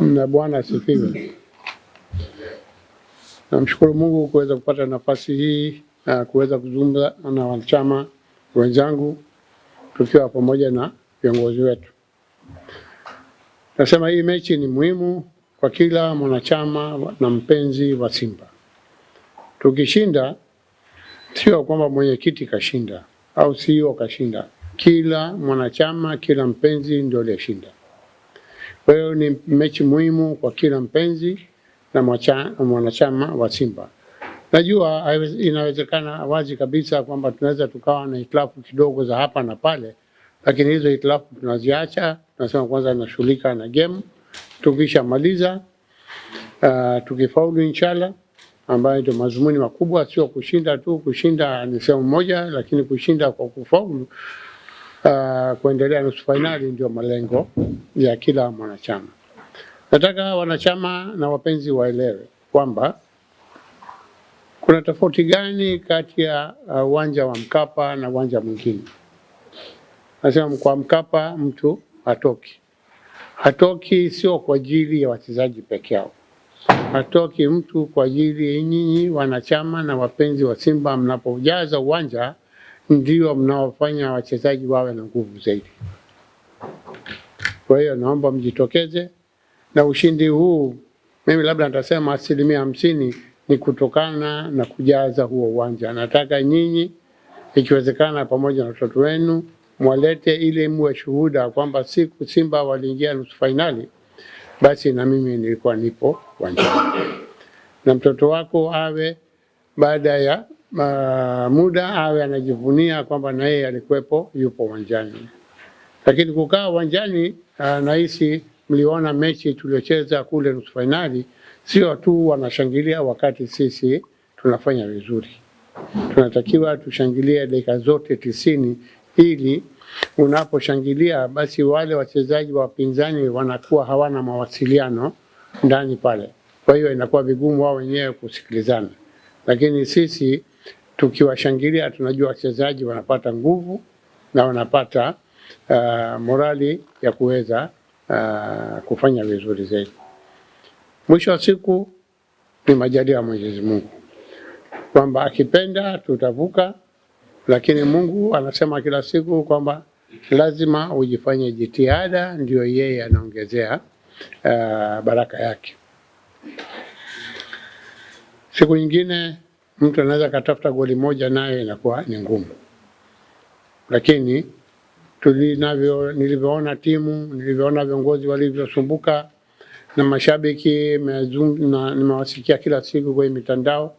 na Bwana asifiwe. Namshukuru Mungu kuweza kupata nafasi hii na kuweza kuzungumza na wanachama wenzangu tukiwa pamoja na viongozi wetu. Nasema hii mechi ni muhimu kwa kila mwanachama na mpenzi wa Simba. Tukishinda sio kwamba mwenyekiti kashinda au sio e kashinda, kila mwanachama, kila mpenzi ndio aliyeshinda. Kwa hiyo ni mechi muhimu kwa kila mpenzi na mwanachama wa Simba. Najua inawezekana wazi kabisa kwamba tunaweza tukawa na hitilafu kidogo za hapa na pale, lakini hizo hitilafu tunaziacha. Tunasema kwanza nashughulika na game, tukishamaliza uh, ah, tukifaulu inshallah, ambayo ndio mazumuni makubwa, sio kushinda tu. Kushinda ni sehemu moja, lakini kushinda kwa kufaulu uh, kuendelea nusu fainali ndio malengo ya kila mwanachama. Nataka wanachama na wapenzi waelewe kwamba kuna tofauti gani kati ya ah, uwanja uh, wa Mkapa na uwanja mwingine. Nasema kwa Mkapa mtu hatoki, hatoki sio kwa ajili ya wachezaji peke yao, hatoki mtu kwa ajili ya nyinyi wanachama na wapenzi wa Simba mnapojaza uwanja ndio mnaofanya wachezaji wawe na nguvu zaidi. Kwa hiyo naomba mjitokeze na ushindi huu, mimi labda nitasema asilimia hamsini ni kutokana na kujaza huo uwanja. Nataka nyinyi, ikiwezekana, pamoja na watoto wenu mwalete, ili muwe shuhuda kwamba siku Simba waliingia nusu fainali, basi na mimi nilikuwa nipo uwanjani, na mtoto wako awe baada ya muda awe anajivunia kwamba na yeye alikuwepo, yupo uwanjani. Lakini kukaa uwanjani ah, nahisi mliona mechi tuliocheza kule nusu fainali, sio tu wanashangilia wakati sisi tunafanya vizuri, tunatakiwa tushangilie dakika zote tisini ili unaposhangilia basi wale wachezaji wa wapinzani wanakuwa hawana mawasiliano ndani pale, kwa hiyo inakuwa vigumu wao wenyewe kusikilizana lakini sisi tukiwashangilia tunajua wachezaji wanapata nguvu na wanapata uh, morali ya kuweza uh, kufanya vizuri zaidi. Mwisho wa siku ni majaliwa ya Mwenyezi Mungu kwamba akipenda tutavuka, lakini Mungu anasema kila siku kwamba lazima ujifanye jitihada, ndio yeye anaongezea uh, baraka yake. Siku nyingine mtu anaweza akatafuta goli moja, nayo inakuwa ni ngumu, lakini tulinavyo, nilivyoona timu, nilivyoona viongozi walivyosumbuka na mashabiki nimewasikia kila siku kwenye mitandao,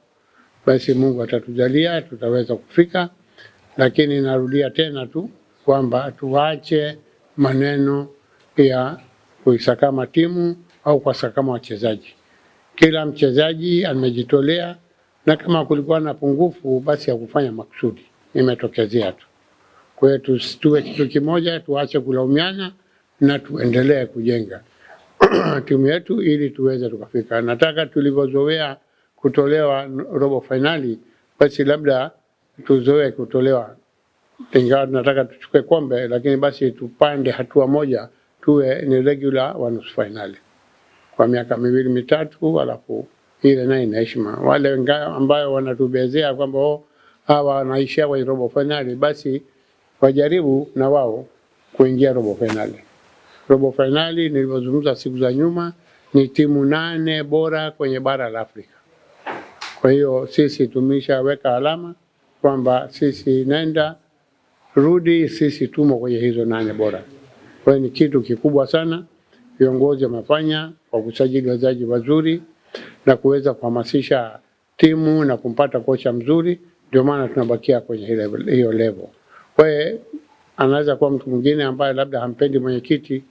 basi Mungu atatujalia tutaweza kufika. Lakini narudia tena tu kwamba tuache maneno ya kuisakama timu au kuwasakama wachezaji. Kila mchezaji amejitolea, na kama kulikuwa na pungufu basi kufanya makusudi, imetokezea tu. Kwa hiyo tuwe kitu kimoja, tuache kulaumiana na tuendelee kujenga timu yetu ili tuweze tukafika. Nataka tulivyozoea kutolewa robo fainali, basi labda tuzoee kutolewa, ingawa tunataka tuchukue kombe, lakini basi tupande hatua moja, tuwe ni regular wa nusu fainali kwa miaka miwili mitatu, alafu ile nayo inaishima. Wale ambayo wanatubezea kwamba oh, hawa wanaishia kwenye robo fainali, basi wajaribu na wao kuingia robo fainali. Robo fainali nilivyozungumza siku za nyuma ni timu nane bora kwenye bara la Afrika. Kwa hiyo sisi tumeshaweka alama kwamba sisi nenda rudi, sisi tumo kwenye hizo nane bora. Kwa hiyo ni kitu kikubwa sana viongozi wamefanya kusajili wachezaji wazuri na kuweza kuhamasisha timu na kumpata kocha mzuri. Ndio maana tunabakia kwenye hiyo level. Kwa hiyo anaweza kuwa mtu mwingine ambaye labda hampendi mwenyekiti,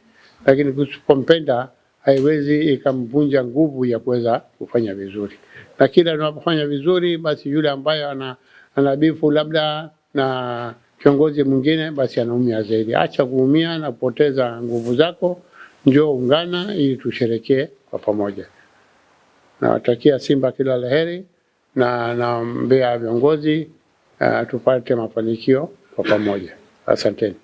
lakini kusipompenda haiwezi ikamvunja nguvu ya kuweza kufanya vizuri, na kila anapofanya vizuri, basi yule ambaye ana anabifu labda na kiongozi mwingine, basi anaumia zaidi. Acha kuumia na kupoteza nguvu zako njoo ungana ili tusherekee kwa pamoja. Nawatakia Simba kila laheri na naombea viongozi uh, tupate mafanikio kwa pamoja. Asanteni.